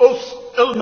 us